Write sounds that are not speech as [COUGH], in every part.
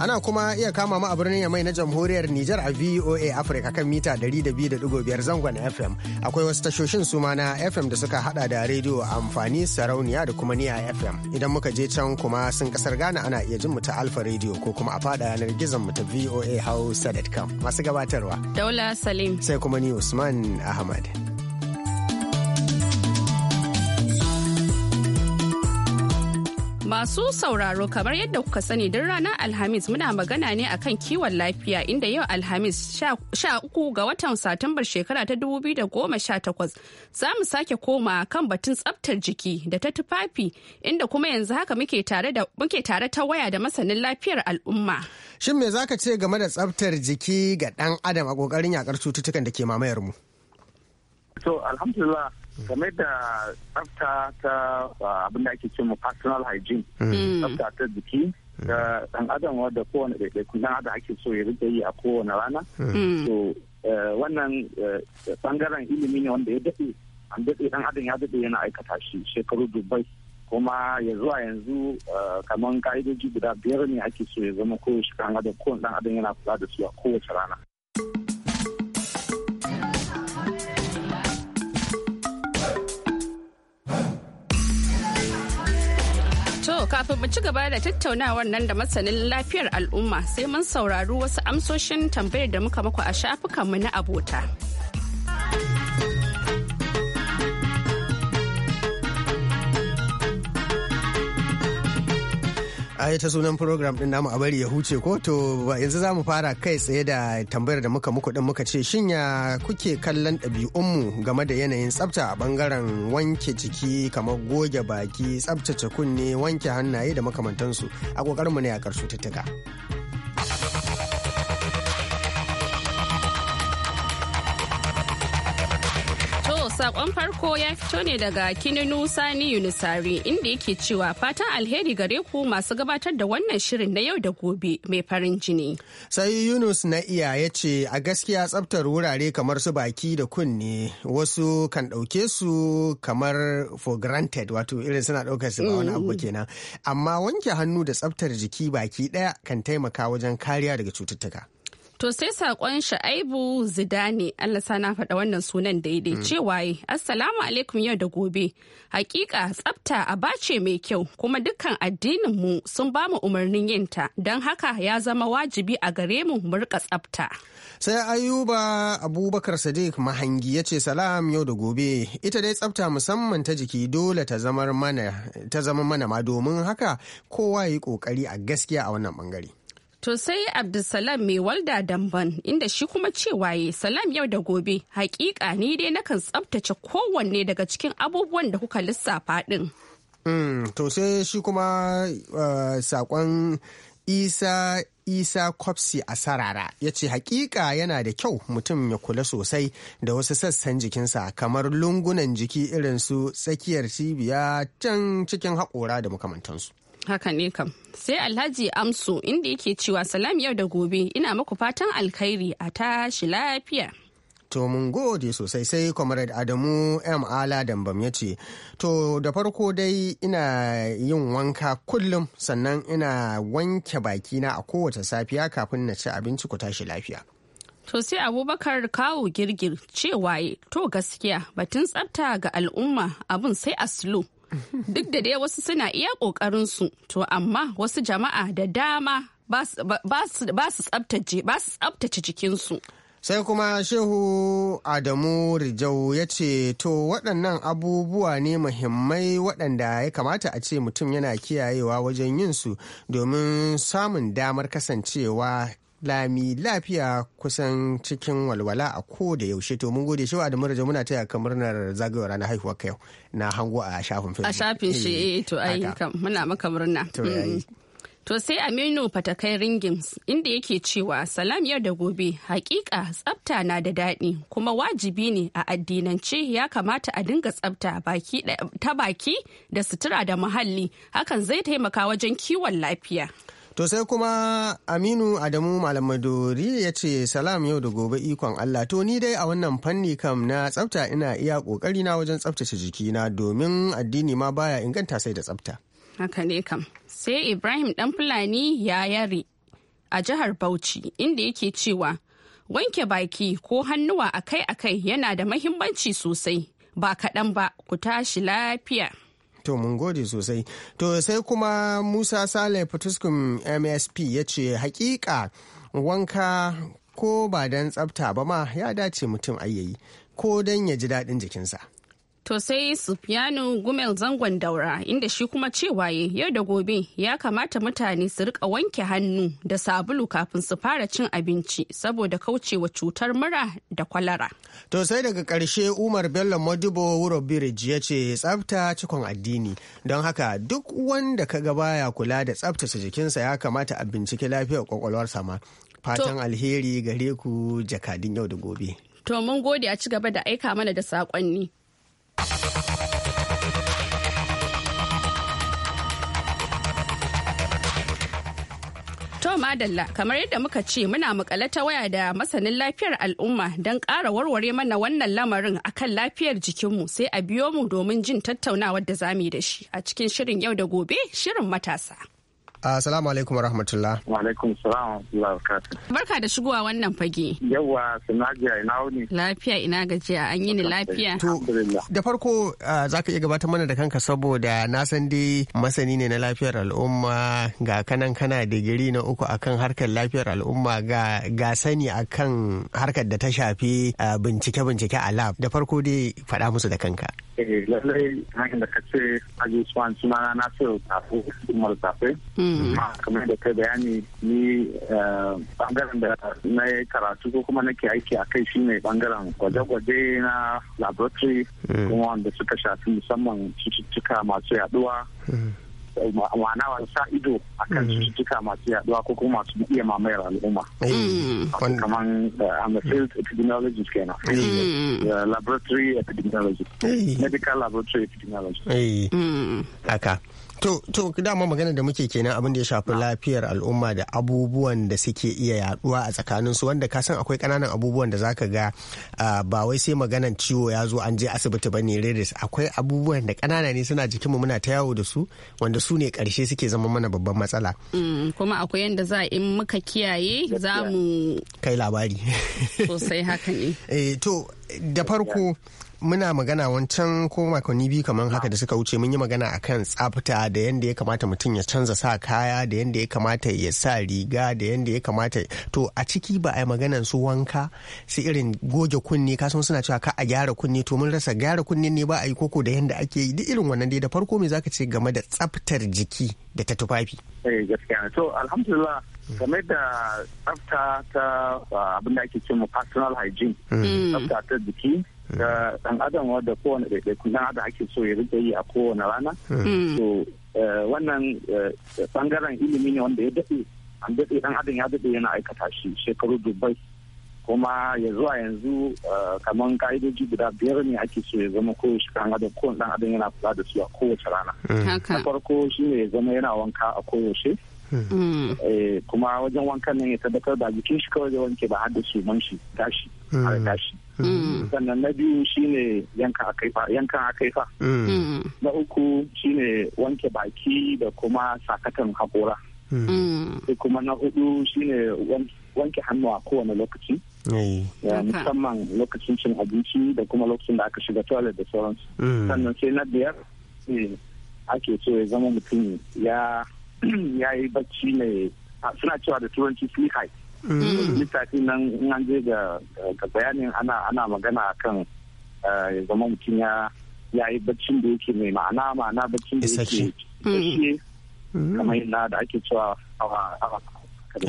Ana kuma iya kama mu a birnin Yamai na Jamhuriyar Nijar a VOA Africa kan mita 200.5 zangon FM. Akwai wasu tashoshin suma na FM da suka hada da rediyo amfani sarauniya da kuma niya FM. Idan muka je can kuma sun kasar Ghana ana iya jin mu ta Alfa rediyo ko kuma a fada yanar gizon mu ta VOA Hausa.com. Masu gabatarwa. Daula Salim. Sai kuma ni Usman Ahmad. Masu sauraro kamar yadda kuka sani don ranar Alhamis muna magana ne akan kiwon lafiya inda yau Alhamis sha uku ga watan Satumbar shekara ta da 2018 za mu sake koma kan batun tsaftar jiki da ta tufafi inda kuma yanzu haka muke tare ta waya da masanin lafiyar al'umma. Shin me zaka ce game da tsabtar jiki ga dan adam a kokarin yakar cututtukan da ke mamayar mu? To alhamdulillah game da tsafta ta abin da ake ce mu personal hygiene mm. Mm. tsafta ta jiki da dan adam wadda kowane ɗaiɗaikun dan adam ake so ya rike yi a kowane rana mm. So eh, wannan bangaren eh, ilimi ne wanda ya daɗe an daɗe dan adam ya daɗe yana aikata shi shekaru dubbai. kuma ya zuwa yanzu eh, kamar ka'idoji guda biyar ne ake so ya zama kowace kan adam kowane dan adam yana kula da su a kowace rana Kafin mu ci gaba da tattaunawar nan da masanin lafiyar al'umma sai mun saurari wasu amsoshin tambayar da muka maku a shafukanmu na abota. ai ta sunan program din namu a bari ya huce ko to yanzu za mu fara kai tsaye da tambayar da muka muku din muka ce shin kuke kallon ɗabi'unmu game da yanayin tsafta a bangaren wanke jiki kamar goge baki tsaftace kunne wanke hannaye da makamantansu a ƙoƙarinmu ne a ƙarshe tattaka. Sakon farko ya fito ne daga Kininu Sani unisari inda yake cewa fatan alheri gare ku masu gabatar da wannan shirin na yau da gobe mai farin jini. Sai Yunus na iya ya ce a gaskiya tsabtar wurare kamar su baki da kunne wasu kan ɗauke su kamar for granted wato irin suna ɗaukar su ba wani abu mm-hmm. kenan. Amma wanke hannu da tsabtar jiki baki ɗaya kan taimaka wajen kariya daga cututtuka. To sai saƙon sha'aibu zidane Allah na faɗa wannan sunan daidai mm. cewa yi assalamu alaikum yau da gobe hakika tsafta a bace mai kyau kuma dukkan addinin mu sun ba mu umarnin yinta don haka ya zama wajibi a gare mu mu rika tsafta. Sai Ayuba Abubakar Sadiq Mahangi ya ce salam yau da gobe ita dai tsafta musamman ta jiki dole ta zama mana ma domin haka kowa ya yi kokari a gaskiya a wannan bangare. To sai Abdulsalam mai walda damban inda shi kuma cewa ya salam yau da gobe hakika ni dai nakan tsabtace kowanne daga cikin abubuwan da kuka lissafa din. Mm, to sai shi kuma uh, sakon isa isa kwafsi a sarara ya ce hakika yana da kyau mutum ya kula sosai da wasu sassan jikinsa kamar lungunan jiki irin su tsakiyar cibiya can cikin haƙora da makamantansu haka ne kam sai alhaji amsu inda yake cewa salam yau da gobe ina muku fatan alkhairi a tashi lafiya to mun gode sosai sai comrade adamu m ala dambam ya ce to da farko dai ina yin wanka kullum sannan ina wanke bakina a kowace safiya kafin na ci abinci ku tashi lafiya To sai abubakar kawo girgir cewa to gaskiya batun tsafta ga al'umma abin sai a slow Duk da dai wasu suna iya ƙoƙarinsu, to amma wasu jama'a da dama ba su tsabtace jikinsu. Sai kuma Shehu Adamu Rijau ya ce, To waɗannan abubuwa ne muhimmai waɗanda ya kamata a ce mutum yana kiyayewa wajen yinsu domin samun damar kasancewa lami lafiya kusan cikin walwala a ko da yaushe to mun gode da murja muna taya ka murnar zagayowar ranar haihuwar kai na hango a shafin facebook a shafin shi eh, eh to ai muna maka murna to sai Aminu Fatakai Ringims inda yake cewa salam yau da gobe hakika tsabta na da daɗi kuma wajibi ne a addinance ya kamata a dinga tsabta ta baki da sutura da muhalli hakan zai taimaka wajen kiwon lafiya. To sai kuma Aminu Adamu Malam Madori ya ce salam yau da gobe ikon Allah to ni dai a wannan fanni kam na tsafta ina iya kokari na wajen tsaftace jikina domin addini ma baya inganta sai da tsafta. Haka ne kam. Sai Ibrahim dan Fulani ya yare a jihar Bauchi inda yake cewa wanke baki ko hannuwa akai-akai yana da mahimmanci sosai ba kaɗan ba ku tashi lafiya. To mun gode sosai. To sai kuma Musa Sale Fatuskum MSP ya ce hakika wanka ko ba don tsabta ba ma ya dace mutum ayyayi ko don ya ji daɗin jikinsa. To sai Sufyanu Gumel zangon daura inda shi kuma cewa yau da gobe ya kamata mutane su rika wanke hannu da sabulu kafin su fara cin abinci saboda kaucewa cutar mura da kwalara. To sai daga karshe Umar Bello Modibo Wuro biriji ya ce tsafta cikon addini don haka duk wanda ka gaba baya kula da tsaftace jikinsa ya kamata a binciki lafiyar kwakwalwarsa ma. Fatan alheri gare jakadin yau da gobe. To mun gode a ci gaba da aika mana da saƙonni. Madalla kamar yadda muka ce muna makale ta waya da masanin lafiyar al'umma don ƙara warware mana wannan lamarin akan lafiyar jikinmu sai a biyo mu domin jin tattaunawar da zamu yi da shi a cikin shirin yau da gobe shirin matasa. Assalamu alaikum warahmatullah. Wa alaikum salam wa Barka da shigowa wannan fage. Yawwa Sinajiya ina wuni. Lafiya ina gajiya an yi ni lafiya. To da farko za ka iya gabatar mana da kanka saboda na san dai masani ne na lafiyar al'umma ga kanan kana digiri na uku akan harkar lafiyar al'umma ga ga sani akan harkar da ta shafi bincike-bincike a lab. Da farko dai faɗa musu da kanka. eh lallai hanyar da kace aji swan suna na ce tafi umar tafi mm-hmm. kamar da kai bayani ni eh, bangaren da na yi karatu ko kuma nake aiki a kai shine bangaren gwaje-gwaje na laboratory mm. kuma wanda suka shafi musamman cututtuka masu yaduwa mm. ma'ana wa sa ido a kan mm. cututtuka masu yaduwa ko kuma masu iya mamayar al'umma. Mm. Kamar mm. uh, I'm a field epidemiologist kenan. Uh, laboratory epidemiologist. Medical laboratory epidemiologist. Haka. To, to dama magana da muke kenan abin da ya shafi lafiyar al'umma da abubuwan da suke iya yaduwa a tsakanin su wanda ka san akwai kananan abubuwan da zaka ga ba wai sai maganan ciwo ya zo an je asibiti ba ne redis akwai abubuwan da kanana ne suna jikinmu muna ta yawo da su wanda su ne karshe suke zama mana babban matsala. Mm, kuma akwai yanda za in muka kiyaye za mu kai labari. Sosai haka ne. [LAUGHS] Eh, to da farko muna magana wancan ko makonni biyu kamar haka da suka wuce mun yi magana kan tsafta da yadda ya kamata mutum ya canza sa kaya da yadda ya kamata ya sa riga da yadda ya kamata to a ciki ba a yi maganan su wanka su irin goge kunne kasan suna cewa ka a gyara kunne to mun rasa gyara kunne ne ba a yi koko da yadda ake yi duk irin wannan dai da farko me zaka ce game da tsaftar jiki da ta tufafi. Eh, to alhamdulillah mm. game da tsafta ta ah, abin da ake ce personal hygiene mm. tsafta ta jiki ga dan adam wadda kowane ɗaiɗaiku na adam ake so ya rike yi a kowane rana to hmm. eh, wannan bangaren eh, ilimi ne wanda ya daɗe an daɗe dan adam ya daɗe yana aikata shi shekaru dubai kuma ya zuwa yanzu eh, kamar ka'idoji guda biyar ne ake so ya zama kowace kan adam kowane ɗan adam yana kula da su a kowace rana hmm. na farko ne ya zama yana wanka a koyaushe Mm. Eh, kuma wajen wankan nan ya tabbatar da jikin shi kawai wanke ba har da man shi tashi mm. har tashi mm. sannan na biyu shine yankan akaifa yankan akaifa na uku shine wanke baki da kuma sakatan hakora sai kuma na hudu shine wanke hannu a kowane lokaci musamman lokacin cin abinci da kuma lokacin da aka shiga toilet da sauransu sannan sai na biyar eh, ake so ya zama mutum ya [CLEARS THROAT] ya yi bacci ne suna cewa da turanci sleep height lissafi nan in an je ga bayanin ana magana kan eh, zama mutum ya ya yi baccin da yake mai ma'ana ma'ana baccin da yake isashe mm. kamar yana da ake cewa awa awa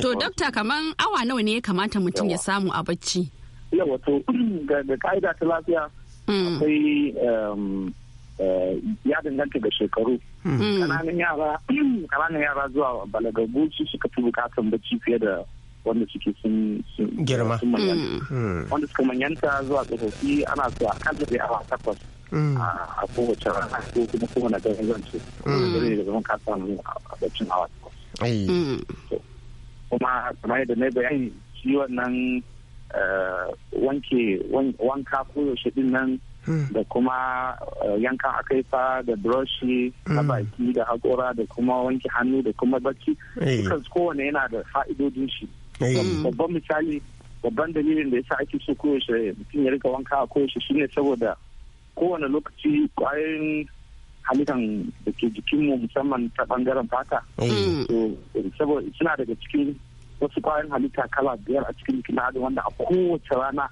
to dokta kaman awa nawa ne ya kamata mutum ya samu a bacci yawa to [CLEARS THROAT] ga ka'ida ta lafiya mm. akwai um, Eh, ya danganta da shekaru hmm. kananan yara [CLEARS THROAT] kananan yara zuwa balagagu su suka fi bukatan bacci fiye da wanda suke sun girma hmm. Hmm. wanda suka manyanta zuwa tsofaffi ana so a kan tafiya awa takwas a kowace rana ko kuma kowane da zan ce zai da zama ka mu a baccin awa kuma kamar yadda na bayani shi wannan eh, wanke wanka ko yaushe din nan da kuma eh, yankan akaifa da broshi na hmm. baki da hakora da kuma wanke hannu da kuma bacci eh. dukkan kowane yana da fa'idodin shi eh. babban misali babban dalilin da yasa ake so koyaushe mutum ya rika wanka a koyaushe shine saboda kowane lokaci kwayoyin halittan da ke jikinmu musamman ta bangaren fata saboda suna daga cikin wasu kwayoyin halitta kala biyar a cikin jikin wanda a kowace rana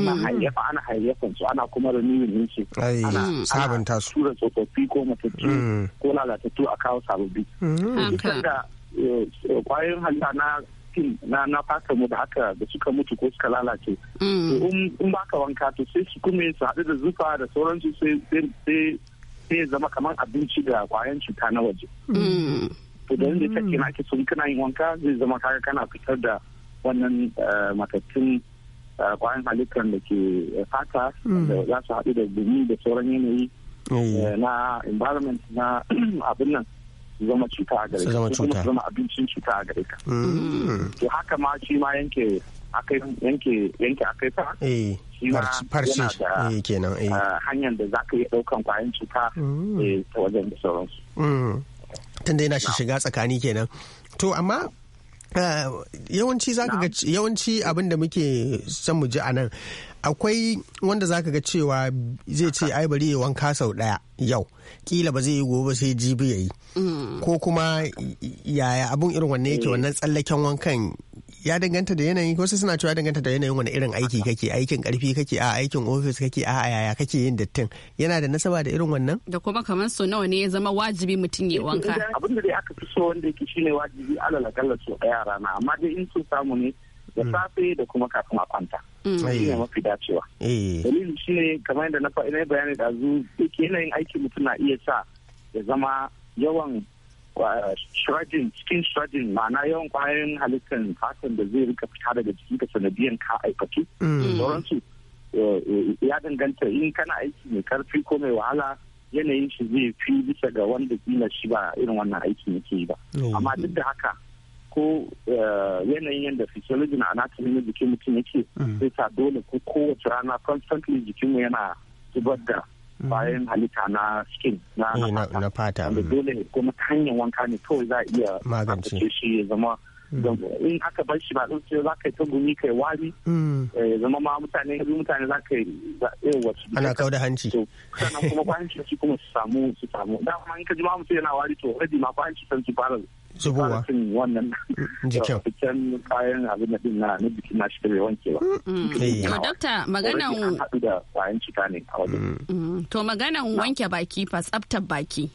ana mm-hmm. hayyafa ana hayyafan su ana kuma da renewing su ana sabanta su tura tsofaffi ko matattu mm. ko lalatattu a kawo sababbi mm-hmm. dukkan da eh, kwayoyin halitta na kin na na mu da haka da suka mutu ko suka lalace mm. in ka wanka to sai su kuma su haɗu da zufa da sauransu sai sai zama kamar abinci da kwayan cuta na waje mm. to da yadda take na ake sun kana yin wanka zai zama kaga kana fitar da wannan eh, matattun kwayan halittar da ke eh, fata hmm. da za su haɗu da gumi da sauran yanayi oh. eh, na environment na [CLEARS THROAT] abin nan zama cuta a gare ka kuma zama abincin cuta a gare ka hmm. to haka ma shi ma yanke yanke yanke akai ta eh, shi ma yana da hanyar da za ka yi ɗaukan kwayan cuta hmm. ta wajen da sauransu tunda yana shi shiga tsakani kenan to amma Eh, yawanci zaka ga yawanci abin da muke son mu ji a nan akwai wanda zaka ga cewa zai ce ai bari ya wanka sau daya yau kila ba zai yi gobe sai jibi ya yi mm. ko kuma yaya abun irin wanne yake eh. wannan tsallaken wankan ya danganta da yanayi ko sai suna cewa ya danganta da yanayin wani irin aiki kake aikin karfi kake a aikin ofis kake a yaya kake yin dattin yana da nasaba da irin wannan da kuma kamar so nawa ne ya zama wajibi mutum ya wanka eh, abin da dai aka fi so wanda yake shine wajibi alal akalla so a yara na amma dai in sun samu ne da mm. safe da kuma kafin a kwanta mm. shi ne eh. mafi dacewa eh. dalilin shi ne kamar yadda na faɗi na bayani da zu yanayin aikin mutum na iya sa ya zama yawan shredding skin shredding ma'ana yawan kwayoyin halittar fatan da zai rika fita daga jiki da sanadiyan ka aikatu mm. sauransu eh, ya danganta in kana aiki mai karfi ko mai wahala yanayin shi zai fi bisa ga wanda kila shi ba irin wannan aiki yake yi ba oh. amma duk da haka ko eh, yanayin yadda physiology na anatomy na jikin mutum yake mm. zai sa dole ko kowace rana constantly jikinmu yana zubar da Mhm. bayan halitta na skin na eh, na fata da mm. dole kuma ta hanyar wanka ne kawai za a iya magance shi ya zama mm. in aka bar shi ba don sai za ka yi ta gumi kai wari mm. eh, ya zama ma mutane yanzu mutane za ka yi eh, wasu ana kau da hanci sannan kuma kwanci shi kuma su samu su samu dama in ka ji ma mutum yana wari to already ma kwanci san su fara zubowa wannan jikin [LAUGHS] cikin kayan abin da din na na na dokta maganan mm. Mm. to maganan wanke baki fa tsabtar baki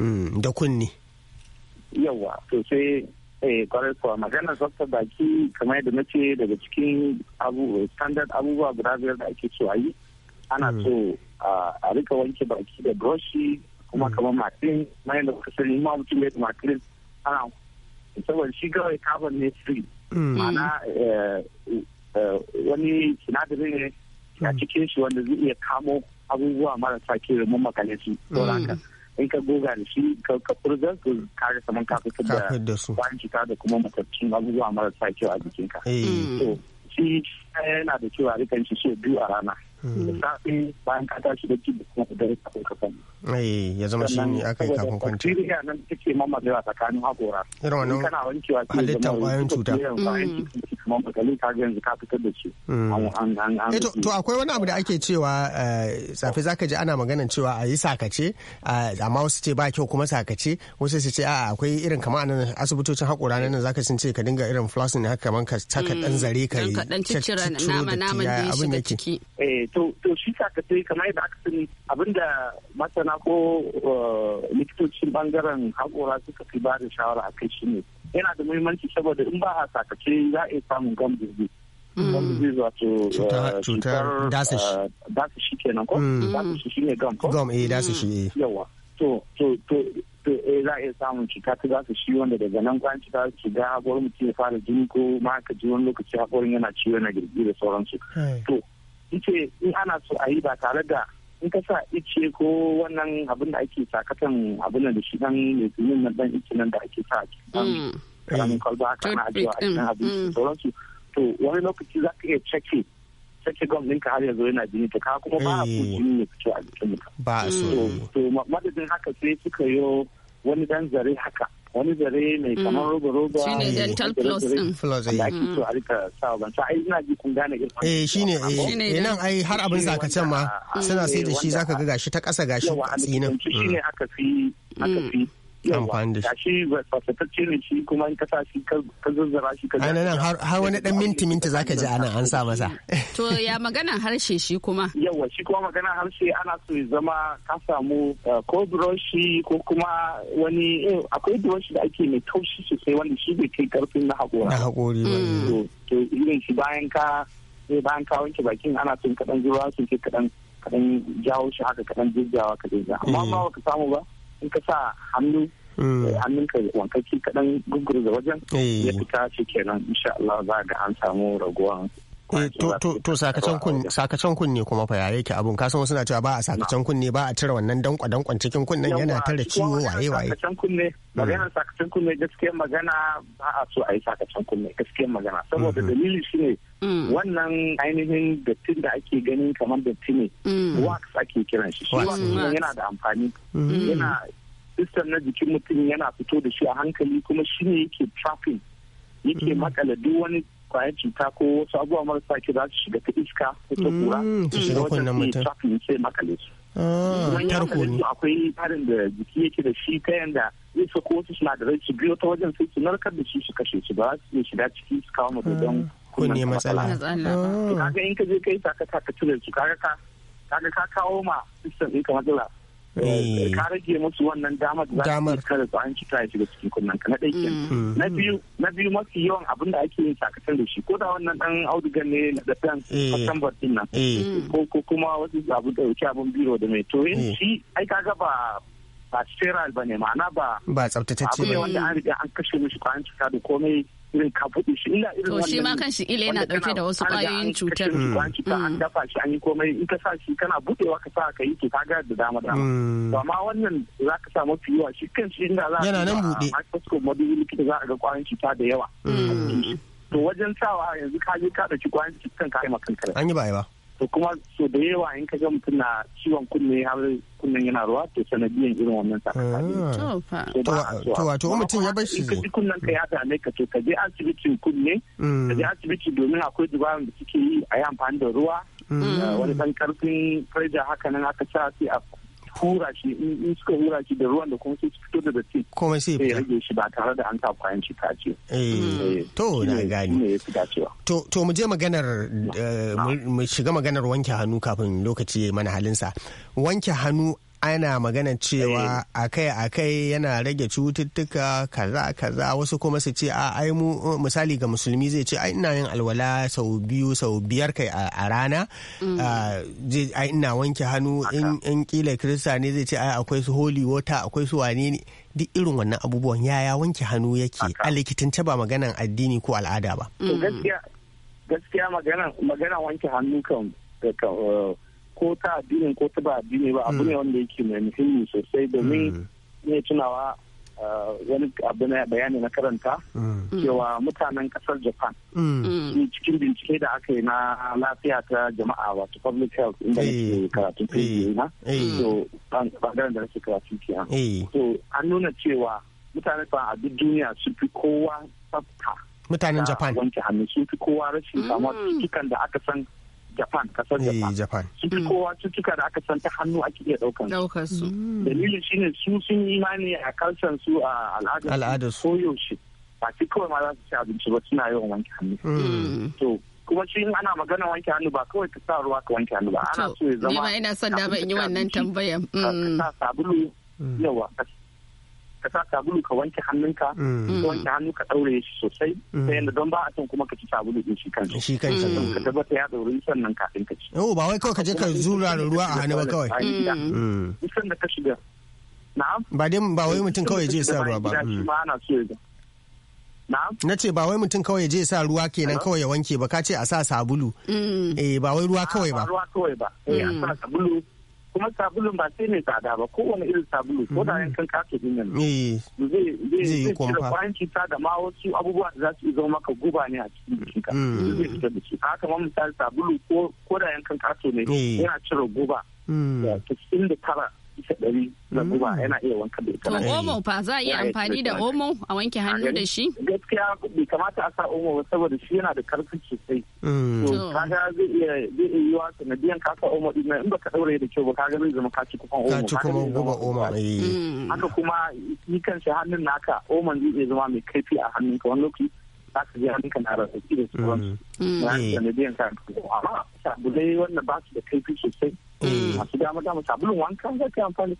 mm. da kunni yawa to sai eh kwarai kuwa maganar tsabtar baki kamar yadda na ce daga cikin abu standard abubuwa guda biyar da ake so ayi. ana so a rika wanke baki da brushi kuma kamar martin mai da kusa ma mutum ya martin pound saboda shi kawai carbon ne free Mana mm. eh, eh, eh, wani sinadari ne a mm. cikin shi wanda zai iya kamo abubuwa marasa kere mun makale su mm. in ka goga da shi ka furga su kare saman ka fitar da kwan cuta da kuma matattun abubuwa marasa kyau a jikinka shi yana da kyau a shi biyu a rana Mm. safe bayan ka tashi da da kuma da dare kafin ka sani. Eh ya zama shi ne aka yi kafin kwanci. Bacteria nan take mamma da tsakanin hakora. Irin wannan kana wankewa ce halittar kwayoyin cuta. Mm. Kamar bakalin ka yanzu ka fitar da shi. Mm. Eh, to akwai wani abu da ake cewa eh, safe zaka ji ana maganan cewa a yi sakace eh, amma wasu ce ba kyau kuma sakace wasu su ce a'a akwai irin kamar anan asibitocin hakora nan zaka sun ce ka dinga irin flossing haka kamar ka taka dan zare ka yi. Ka dan ciccira nama naman da ya shiga ciki. to shi sai kamar yadda aka sani abinda masana ko eh, likitocin bangaren haƙora suka fi ba da shawara a kai shi ne yana da muhimmanci saboda in ba a sakace za a iya samun gambizi mm. gambizi wato eh, cutar dasashi eh, kenan ko mm. dasashi shi ne gam ko gam eh dasashi eh mm. yawa to to to to eh za a iya samun cuta ta za shi wanda daga nan kwan cuta su shiga haƙorin mutum ya fara jini ko ma ka ji wani lokaci haƙorin yana ciwo na girgi da sauransu to ce in ana so a yi ba tare da in ka sa ice ko wannan abin da ake sakatan abin da shi dan legumin nan dan ice nan da ake sa a cikin mm. karamin eh. kwalba haka na ajiyar a cikin mm, abinci mm. sauransu to wani lokaci za ka iya cake cake gwam ka har yanzu yana jini ta ka kuma ba a ko eh. jini ne fito a jikin mutum ba a so to madadin haka sai suka yi wani dan zare haka wani zare mai mm. kamar roba roba ne dental plus din plus eh ake so a rika ban sai ina ji kun gane irin eh shine eh. eh nan ai har abin zakacen ma suna sai da shi zaka ga gashi ta kasa gashi tsinin ne mm. aka fi aka mm. fi amfani da shi. Shi ne shi kuma in ka shi ka zazzara shi ka Ana nan har wani ɗan minti minti zaka ji ana an sa masa. [LAUGHS] To ya maganan harshe shi kuma. Yawwa shi kuma maganan harshe ana so ya zama ka samu eh, ko buroshi ko kuma wani eh, akwai buroshi da ake mai taushi sosai wanda shi bai kai karfin na haƙora. Na haƙori ba. Mm. To irin shi bayan ka eh, bayan ka wanke bakin ana son kaɗan zuwa su ke kaɗan kaɗan jawo shi haka kaɗan jujjawa ka jujjawa. Amma mm. ba ka samu ba. in ka sa hannu mm. eh, hannun ka wankaki kaɗan gugurza wajen eh. ya fita shi kenan insha Allah za ga an samu raguwan eh, to sakacen kunne kuma fa ya yake abun kasan wasu na cewa ba a sakacen kunne ba a cire wannan dankwa dankwan cikin kunnen yana tare ciwo waye waye sakacen kunne magana mm. sakacen kunne gaskiyar magana ba a so a yi sakacen kunne gaskiyar magana saboda mm-hmm. dalili shine ne Mm. wannan ainihin dattin da ake ganin kamar datti ne mm. wax ake kiran shi shi yana da amfani mm. yana sistan na jikin mutum yana fito da shi a hankali kuma shi ne yake trapping yake makala duk wani kwayar cuta ko wasu abubuwa marasa ki za su shiga ta iska ko ta kura shiga wannan mutum trapping sai makale su ah, tarko ne akwai tarin da jiki yake da shi ta yanda zai sako wasu sinadarai su biyo ta wajen sai su narkar da shi su kashe su ba su shiga ciki su kawo mutum ah. don kunne matsala oh. kaga in ka je kai saka ka ka cire su kaga ka kaga ka kawo ma system din ka matsala eh. ka rage musu wannan damar da za su kare su an cika shi da cikin kunnan ka na dai ɗai mm. mm. na biyu na biyu mafi yawan abin da ake yin sakatar da shi ko da wannan dan audugan ne da dan eh. September din nan eh. ko ko kuma wasu abu da yake abun biro da mai to shi ai kaga ba ba sterile ba ne ma'ana ba ba tsaftatacce ba ne wanda an riga an kashe mishi ko an cika da komai kafuɗi shi illa irin wannan. To shi ma kan shi ila yana ɗauke da wasu ƙwayoyin cutar. Mm. An mm. dafa shi an yi komai in ka sa shi kana buɗewa ka sa ka yi ke kaga da dama dama. Mm. To amma wannan za ka samu mafi yawa shi kan shi inda za a yana nan buɗe. Microscope madubi likita za a ga ƙwayoyin cuta da yawa. To wajen sawa yanzu ka je ka ɗauki ƙwayoyin cutar ka yi makankarar. An yi ba ba. to kuma so da yawa in ka ga mutum na ciwon kunne har kunnen yana ruwa to sanadiyan irin wannan sakamakon ah. to mutum ya bar shi ka ji kunnen ka ya dame ka to ka je asibitin kunne mm. ka je asibiti domin akwai dubaran da suke yi a yi amfani da ruwa mm. wani ɗan ƙarfin freja haka nan aka sa sai a hura shi in suka hura shi da ruwan da kuma sai su fito da datti komai sai ya rage shi ba tare da an sa kwayan cuta ce eh, eh, to na gani to to mu je maganar eh, mu shiga maganar wanke hannu kafin lokaci mana halin sa wanke hannu ana magana cewa eh. akai akai yana rage cututtuka kaza kaza wasu kuma su ce a ai mu uh, misali ga musulmi zai ce ai ina yin alwala sau biyu sau biyar kai a rana mm. ah, ai ina wanke hannu in kila kirista ne zai ce ai akwai su holy water akwai su wane ne duk irin wannan abubuwan yaya wanke hannu yake a likitance ba maganan addini ko al'ada ba gaskiya maganan wanke hannu kan ko ta addini ko ta ba addini ba abu ne mm. wanda yake mai muhimmi sosai domin ne mm. tunawa uh, wani abu na bayani na karanta mm. cewa mutanen kasar japan cikin bincike da aka yi na lafiya ta jama'a wato public health inda eh. nake karatun fiye eh. na eh. so bangaren da nake karatun kenan so an nuna cewa mutane ba a duk duniya su fi kowa tsafta mutanen japan wanke hannu sun fi kowa rashin samuwa cikin da aka san japan kasar eh, japan sun mm. kowa cutuka da aka san ta hannu ake iya daukan su mm. dalilin shine su sun yi imani a kalsan su a al'adar su koyaushe ba su kawai ma za su ci abinci ba suna yawan wanke hannu mm. to kuma shi ana magana wanke hannu ba kawai ka sa ruwa ka wanke hannu ba ana so ya zama ina son da in yi wannan tambayan ka sa sabulu yawa ka sa sabulu ka wanke hannunka mm. ka wanke hannu ka ɗaure shi sosai Sai mm. yadda don ba a son kuma ka ci sabulu din shi kansa shi kansa ka tabbata ya shi sannan kafin ka ci oh ba wai kawai ka je ka zura da ruwa a hannu ba kawai mm. duk da ka shiga na'am ba dai ba wai mutum kawai je sa ruwa ba na ce ba wai mutum kawai je sa ruwa kenan kawai ya wanke ba ka ce a sa sabulu eh ba wai ruwa kawai ba ruwa kawai ba eh a sa sabulu kuma sabulun ba sai mai tsada ba kowane irin sabulu ko da mm-hmm. yankan kaso din nan zai zai kira kwayan cuta da ma wasu abubuwa da za su zama maka guba ne a cikin jikinka mm. zai fita da shi haka ma misali sabulu ko da yankan kaso ne mm. yana cire guba mm. da tasirin da tara bisa ɗari na guba mm. yana iya wanka da ita. omo fa za a iya amfani da omo a wanke hannu da shi? Gaskiya bai kamata a sa omo ba saboda shi yana da karfi sosai. Mm. To kaga zai iya zai iya yiwa sanadiyan ka sa omo din in baka ɗaure da kyau ba kaga zai zama ka ci omo. Ka kuma guba eh. omo. Haka kuma kan shi hannun naka omon zai iya zama mai kaifi a hannunka wani lokaci. za ka ji na da sauransu mm. Mm. na sanadiyan ka da kaifi sosai mm. masu wanka za ka yi amfani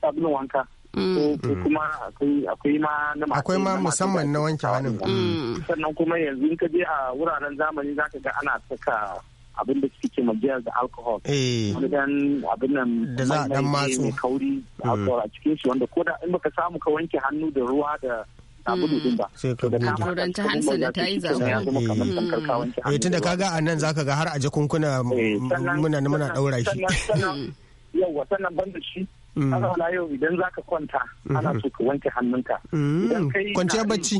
eh, akwai ma na ma musamman na wanke wani sannan kuma yanzu in ka je a wuraren zamani zaka ga ana saka abin da suke ce majiyar da alcohol eh. wani abin nan da za a dan masu kauri a cikin shi wanda ko da in baka samu ka wanke hannu da ruwa da sabulu din ba sai ka goge turanci hand sanitizer eh tunda kaga a nan za ka ga har a jakunkuna eh, muna muna daura shi yawa sannan hmm. da shi hmm. ana wala yau idan ka kwanta hmm. ana so ka wanke hannunka kwanciyar bacci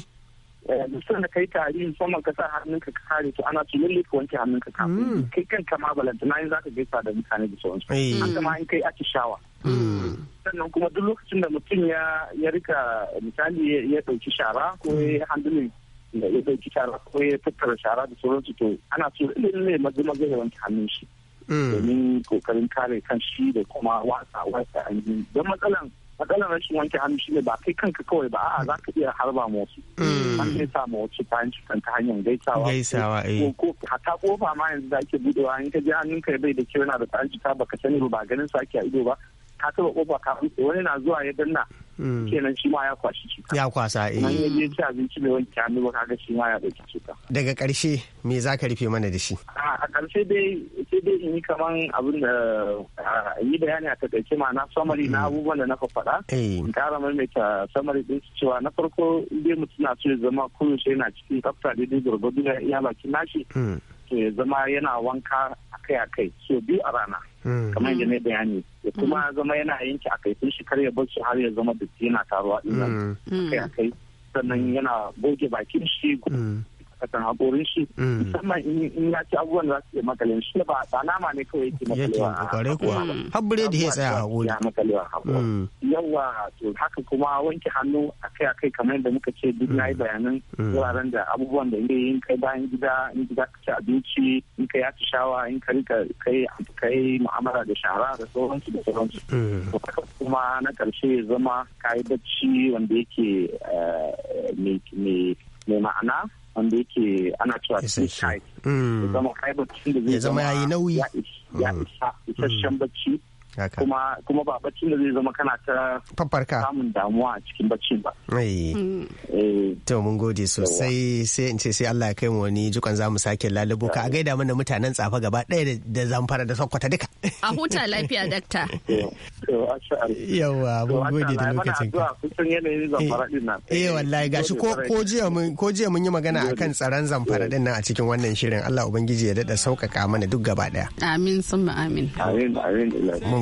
eh, dusar da kai tari musamman ka sa hannunka ka kare to ana su lalle ka wanke hannunka kafin kai kanka ma balantana in zaka gaisa da mutane da sauransu eh. haka ma in kai atishawa sannan kuma duk lokacin da mutum ya ya rika misali ya dauki shara ko ya handling da ya dauki shara ko ya tattara shara da sauransu to ana so lalle maza maza ya wanke hannun shi mm. domin kokarin kare kan shi da kuma wasa wasa ainihin don matsalan matsalan rashin wanke hannu ne ba kai kanka kawai ba a'a za ka iya harba ma wasu mm. an zai sa ma wasu ta hanci kanta hanyar gaisawa gaisawa eh ko hata kofa ma yanzu da ake budewa in ka je hannunka bai da kyau yana da hanci ta baka sani ba ganin sa ake a ido ba ta taba kofa kafin ka wani na zuwa ya danna mm. kenan shi ma ya kwashi cuta ya kwasa eh nan ya je ci abinci mai wani hannu ba kaga shi ma ya dauki cuta daga karshe me za ka rufe mana da shi a karshe dai sai dai in yi kaman abin da yi bayani a takaice ma na samari na mm. abubuwan da na faɗa eh. in kara maimaita samari din cewa na farko dai mutum na so ya zama koyaushe yana cikin tsafta daidai da iya bakin nashi mm. so ya zama yana wanka akai-akai so biyu a rana hmm. kamar yadda bayani ya kuma zama yana yanke akaifin sun shi ya bar har ya zama da yana taruwa hmm. akai-akai sannan yana goge bakin shi hmm. kasan haƙorin shi mm. musamman in ya ci abubuwan da su iya makalin shi ba ba nama ne kawai yake mm. makalewa a kuwa habbure da ya tsaya a haƙori mm. ya makalewa haƙori yawa to haka kuma wanke hannu a kai kamar yadda muka ce duk na yi bayanan wuraren da abubuwan da ne in kai bayan gida in gida ka ci abinci in ka yaci shawa in ka rika kai kai mu'amala da shara da sauransu da sauransu to haka kuma na ya zama kayi bacci wanda yake eh, mai ma'ana wanda yake ana cewa mm. ya zama ya zama ya yi nauyi ya mm. isa mm. isasshen bacci kuma kuma ba baccin da zai zama kana ta fafarka samun damuwa a cikin baccin ba eh. to mun gode sosai sai in ce sai Allah ya kai wani jukan zamu sake lalubo ka gaida mana mutanen tsafa gaba ɗaya da zamfara da sakkwata duka a huta lafiya dakta yawa mun gode da lokacin ka eh, eh wallahi gashi ko ko jiya mun ko jiya mun yi magana akan tsaron zamfara din nan a cikin wannan shirin Allah ubangiji ya dada sauƙaƙa mana duk gaba ɗaya amin summa amin amin amin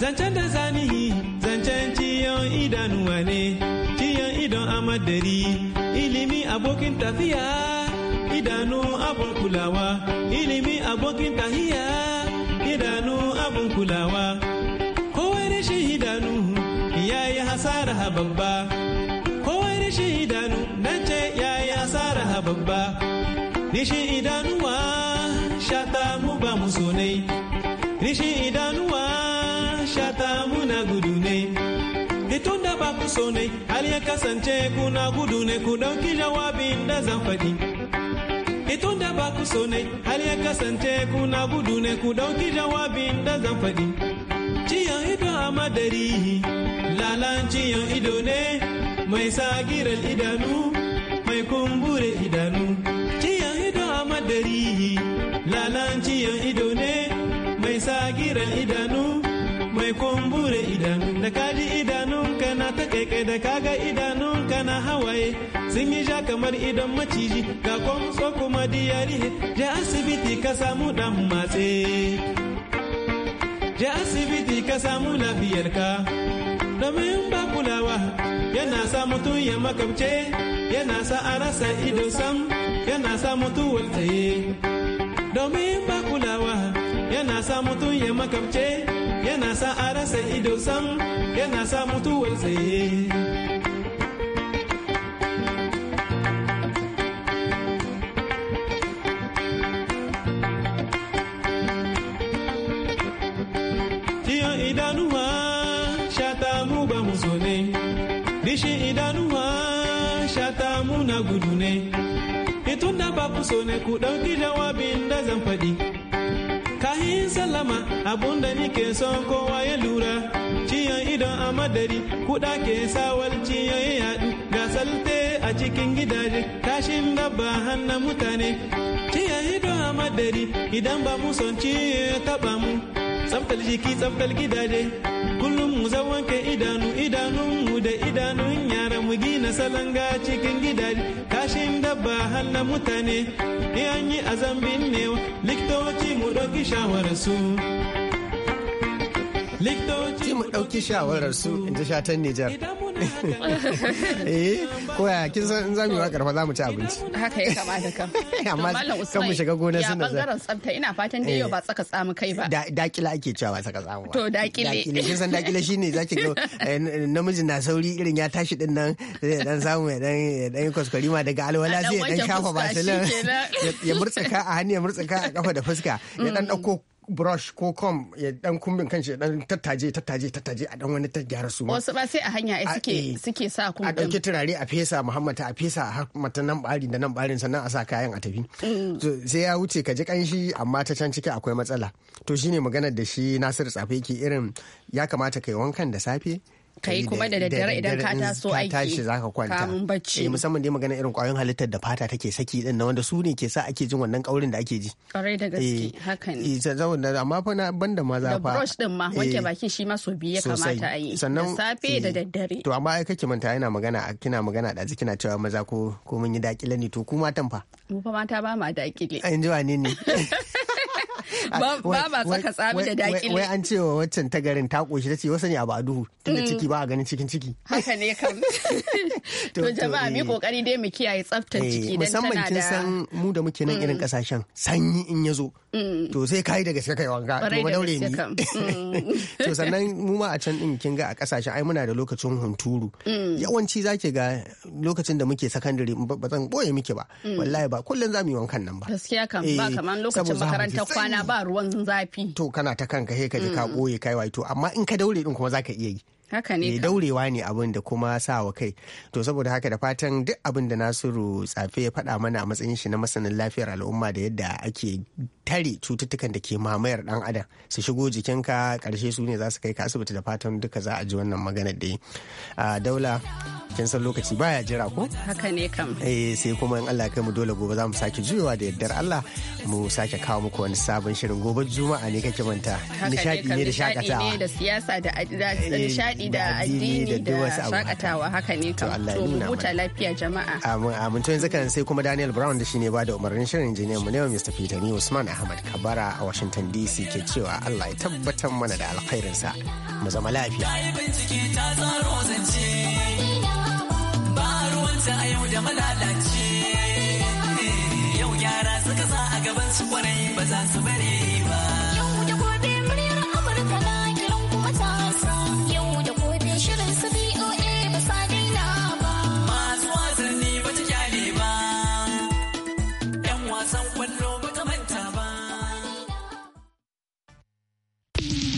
zancen da zanihi zancen ciyon idanuwa ne ciyon idon amadari ilimi abokin tafiya idanu abun kulawa ilimi abokin tahiya idanu abun kulawa kowai rashin idanu ya yi hasara babba kowai rashin idanu nan ce ya yi hasara babba rishin idanuwa shata mu ba mu sonai rishin idanuwa shata muna gudu ne Itun da ba ku so ne har ya kasance kuna gudu ne ku ɗauki jawabin da zan faɗi Itun da ba ku so ne har ya kasance kuna gudu ne ku ɗauki jawabin da zan faɗi Ciyan ido a madari lalan ciyan ido ne mai sagirar idanu mai kumbure idanu ciyan ido a madari lalan ciyan ido ne mai sagirar idanu mai kumbure idanu da kaji ka na ta kai da kaga ka na hawaye sun yi ja kamar idan maciji ga kwamso kuma diyari je asibiti ka samu dan matse je asibiti ka samu ka domin ba kulawa yana sa mutum ya makamce yana sa a rasa ido sam yana sa mutuwar tsaye domin ba kulawa yana sa mutum ya makamce yana sa a rasa ido sam yana sa mutuwar tsaye ciyon idanuwa shata mu ba mu ne idanuwa shata mu na gudu ne itun da ba ku so ne ku ɗauki jawabin da zan faɗi yi sallama abunda nike son kowa ya lura ciyon idon a madari kuɗa ke sawal ciyon ya yadu ga salte a cikin gidaje kashin dabba hannun mutane ciyon idon a madari idan ba mu son ciye taba mu tsaftar jiki tsaftar gidaje kullum mu wanke idanu idanun mu da idanun yaran mu gina salanga cikin gidaje dabba halla mutane an yi zambin ne likitoci mu ɗauki su likitoci mu ɗauki su in ji shatan nijar eh ko ya kin san in zamu yi wakar fa zamu ci abinci haka ya kamata kan [LAUGHS] amma kan mu shiga gona sun da ya bangaren tsafta ina fatan dai yau ba eh. tsaka tsamu kai ba dakila ake cewa ba tsaka tsamu ba to dakile kin san dakile shine zaki ga [LAUGHS] eh, namiji na sauri irin ya tashi din nan zai dan samu ya dan ya dan ma daga alwala zai dan shafa basilin [LAUGHS] ya murtsaka a hannu ya murtsaka a kafa da fuska ya dan dauko mm. brush ko com ya dan kumbin kanshi ya dan tattaje tattaje tattaje a dan wani ta gyara su wasu ba sai a hanya suke eh, suke sa kumbin a dauke turare a fesa muhammad a fesa mata nan bari da nan barin sannan a sa kayan a tafi mm. sai ya wuce ka ji kanshi amma ta can ciki akwai matsala to shine maganar da shi Nasiru Tsafe yake irin ya kamata kai wankan da safe ka yi kuma da daddare idan ka taso aiki ka tashi zaka kwanta kamun bacci eh, musamman dai magana irin kwayoyin halittar da fata take saki din na wanda su ne ke sa ake jin wannan kaurin da ake ji kwarai da gaske eh, haka ne eh, saboda amma fa na banda maza fa da brush din ma wanke bakin shi ma so biye kamata a yi sannan safe da daddare to amma ai kake manta yana magana kina magana da kina cewa maza ko ko mun yi dakile ne to ku matan fa mu fa mata ba ma dakile an ji wane ne [LAUGHS] ba ba tsaka tsami da dakile wai an ce wa waccan ta garin ta koshi tace wasu ne abu a duhu tunda mm. ciki ba a ganin cikin ciki haka ne kam [LAUGHS] [LAUGHS] to jama'a eh. mi kokari dai mu kiyaye tsaftar eh, ciki dan tana da musamman kin san mu da muke nan irin kasashen mm. sanyi in yazo mm. to sai kai daga sai kai wanka to ba daure ni [LAUGHS] to sannan mu ma a can din kin ga a kasashen ai muna da lokacin hunturu yawanci zake ga lokacin da muke secondary ba zan boye muke ba wallahi ba kullun zamu yi wankan nan ba gaskiya kam ba eh, kaman lokacin makarantar kwana ba ruwan zafi to kana ta kanka he ka ji ka boye mm. kai wai to amma in ka daure din kuma zaka iya yi haka ne eh, daurewa ne abin da kuma sawa kai to saboda haka da fatan duk abin da nasiru tsafe ya faɗa mana a matsayin shi na masanin lafiyar al'umma da yadda ake tare cututtukan da ke mamayar dan adam su shigo jikinka karshe su ne za su kai ka asibiti da fatan duka za a ji wannan maganar da ah, daula cikin san lokaci baya jira ko haka ne kam eh sai kuma in Allah kai mu dole gobe za mu sake juyowa da yardar Allah mu sake kawo muku wani sabon shirin gobe juma'a ne kake manta nishadi ne da shakatawa da siyasa da eh, nishadi da addini da shakatawa haka ne kam to mu huta lafiya jama'a amin amin to yanzu kan sai kuma Daniel Brown da shine ba da umarnin shirin injiniyan mu ne Mr. Peter ni Usman Ahmad Kabara a Washington DC ke cewa Allah ya tabbatar mana da alkhairinsa mu zama lafiya. Ta yi ta zance. ta a yau da malalace eh, yau gyara suka sa a gaban su kwarai ba za su bari.